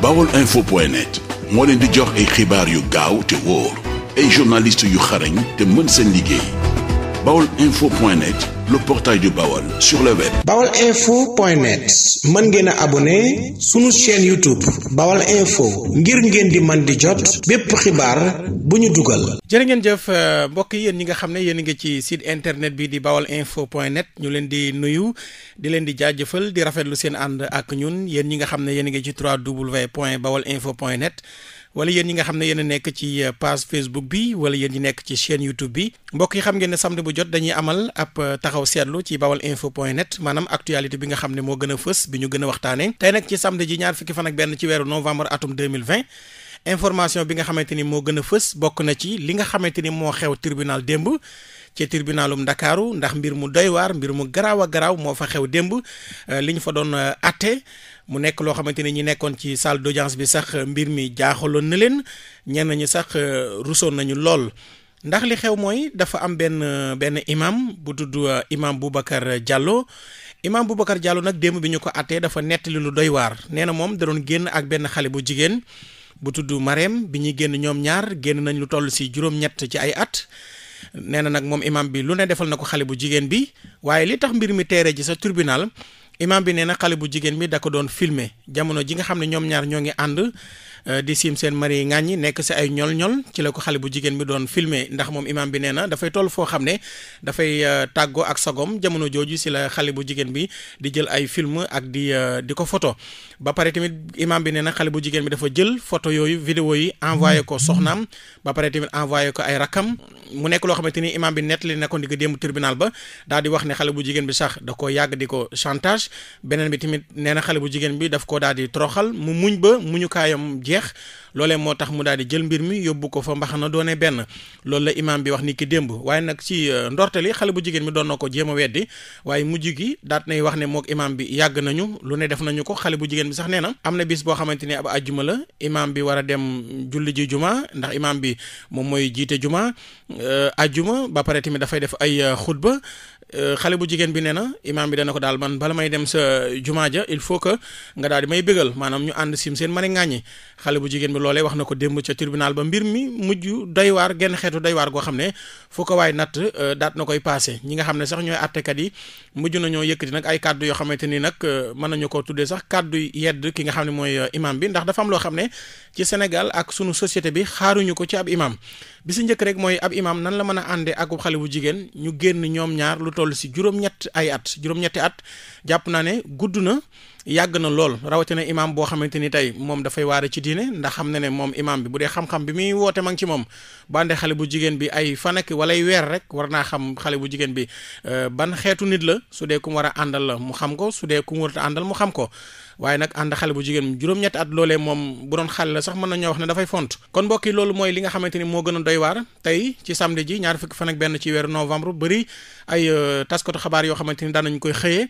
bawol info point net moo leen di jox ay xibaar yu gaaw te wóor ay journaliste yu xarañ te mën seen liggéey baolinfo.net le portail du Baol sur le web. baolinfo.net mën ngeen a abonné sunu chaîne YouTube Baol Info ngir ngeen di man di jot bépp xibaar bu ñu dugal. jërë ngeen jëf euh, mbokk yi yéen ñi nga xam ne yéen a ngi ci site internet bi di baolinfo.net ñu leen di nuyu di leen di jaajëfal di rafetlu seen ànd ak ñun yéen ñi nga xam ne yéen a ngi ci net wala yéen ñi nga xam ne yéen a nekk ci euh, page Facebook bi wala yéen ñi nekk ci chaîne YouTube bi mbokk yi xam ngeen ne samedi bu jot dañuy amal ab euh, taxaw seetlu ci bawal info point net maanaam actualité bi nga xam ne moo gën fës bi ñu gën a waxtaanee tey nag ci samedi ji ñaar fukki fanak benn ci weeru novembre atum 2020 information bi nga xamante ni moo gën fës bokk na ci li nga xamante ni moo xew tribunal démb ci tribunalum ndakaaru ndax mbir mu doy waar mbir mu garaaw a garaaw moo fa xew démb euh, li ñu fa doon euh, atte mu nekk loo xamante ni ñi nekkoon ci salle d'audience bi sax euh, mbir mi jaaxaloon na leen ñenn ñi sax rusoon nañu lool ndax li xew mooy dafa am benn benn imam bu tudd imam Boubacar Diallo imam Boubacar Diallo nag démb bi ñu ko attee dafa nettali lu doy waar nee na moom da doon génn ak benn xale bu jigéen bu tudd Marème bi ñuy génn ñoom ñaar génn nañ lu toll si juróom ci ay at nee na nag moom imam bi lu ne defal na ko xale bu jigéen bi waaye li tax mbir mi teere ji sa tribunal imam bi neena xale bu jigéen bi da ko doon filmer jamono ji nga xam ne ñoom ñaar ñoo ngi ànd Euh, di siim seen mari ŋàññi nekk si ay ñol-ñol ci la ko xale bu jigéen bi doon filmer ndax moom imaam bi nee na dafay toll foo xam ne dafay euh, tàggoo ak sagom jamono jooju si la xale bu jigéen bi di jël ay film ak di euh, di ko photo ba tamit imaam bi nee xale bu jigéen bi dafa jël photo yooyu vidéo yi envoyé ko soxnaam ba pare tamit envoyé ko ay rakkam mu nekk loo xamante ni imaam bi nettali na ko di ko démb tribunal ba daal di wax ne xale bu jigéen bi sax da ko yàgg di ko chantage bi tamit nee na xale bu jigéen bi daf ko daal di toroxal mu muñ ba muñu jeex loolee moo tax mu daal di jël mbir mi yóbbu ko fa na doone benn loolu la imaam bi wax ni ki démb waaye nag ci euh, ndortali xale bu jigéen mi doon na ko jéem a weddi waaye mujj gi daat nay wax ne moog imaam bi yàgg nañu lu ne def nañu ko xale bu jigéen bi sax nee na am na bis boo xamante ni ab àjjuma la imaam bi war a dem julli ji juma ndax imaam bi moom mooy jiite juma àjjuma euh, ba pare tamit dafay def ay euh, xutba xale bu jigéen bi nee na imaam bi dana ko daal man bala may dem sa jumaa ja il faut que nga daal di may bégal maanaam ñu ànd sim seen mën a ŋàññi xale bu jigéen bi loolee wax na ko démb ca tribunal ba mbir mi mujj doy genn xeetu doy waar goo xam ne foo ko waaye natt euh, daat na koy passé ñi nga xam ne sax ñooy àttekat yi mujj nañoo yëkkati nag ay kàddu yoo xamante ni nag euh, mën nañu ko tuddee sax kàddu yedd ki nga xam ne mooy euh, imam bi ndax dafa am loo xam ne ci Sénégal ak sunu société bi xaaruñu ko ci ab imam bi si njëkk rek mooy ab imaam nan la mën a àndee ak xale bu jigéen ñu génn ñoom ñaar lu toll si juróom-ñett at juróom-ñetti at jàpp naa ne gudd na yàgg na lool rawatina imaam boo xamante ni tey moom dafay waare ci diine ndax xam na ne moom imaam bi bu dee xam-xam bi muy woote ma ngi ci moom bu xale bu jigéen bi ay fan walay weer rek war naa xam xale bu jigéen bi euh, ban xeetu nit la su dee ku mu a àndal la mu xam ko su dee ku mu àndal mu xam ko waaye nag ànd xale bu jigéen juróom-ñetti at loolee moom bu doon xale la sax mën na wax ne dafay font kon mbokk loolu mooy li nga xamante moo gën a doy waar tey ci samedi ji ñaar fukk fan ak benn ci weeru novembre bëri ay euh, taskatu xabaar yoo xamante ni daanañu koy xëyee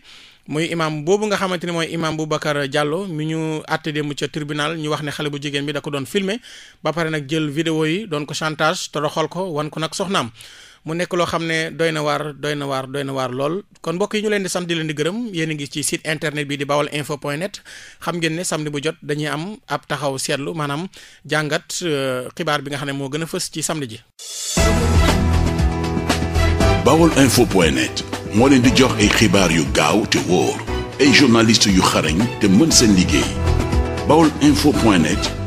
muy imam boobu nga xamante ni mooy imam Boubacar Diallo mi ñu àtte démb ca tribunal ñu wax ne xale bu jigéen bi da ko doon filmer ba pare nag jël vidéo yi doon ko chantage toroxal ko wan ko nag soxnaam mu nekk loo xam ne doy na waar doy na waar doy na waar lool kon mbokk yi ñu leen di sant di leen di gërëm yéen ngi ci site internet bi di bawal info point net xam ngeen ne samedi bu jot dañuy am ab taxaw seetlu maanaam jàngat euh, xibaar bi nga xam ne moo gën a fës ci samedi ji. bawal info net moo leen di jox ay xibaar yu gaaw te wóor ay journaliste yu xarañ te mën seen liggéey bawal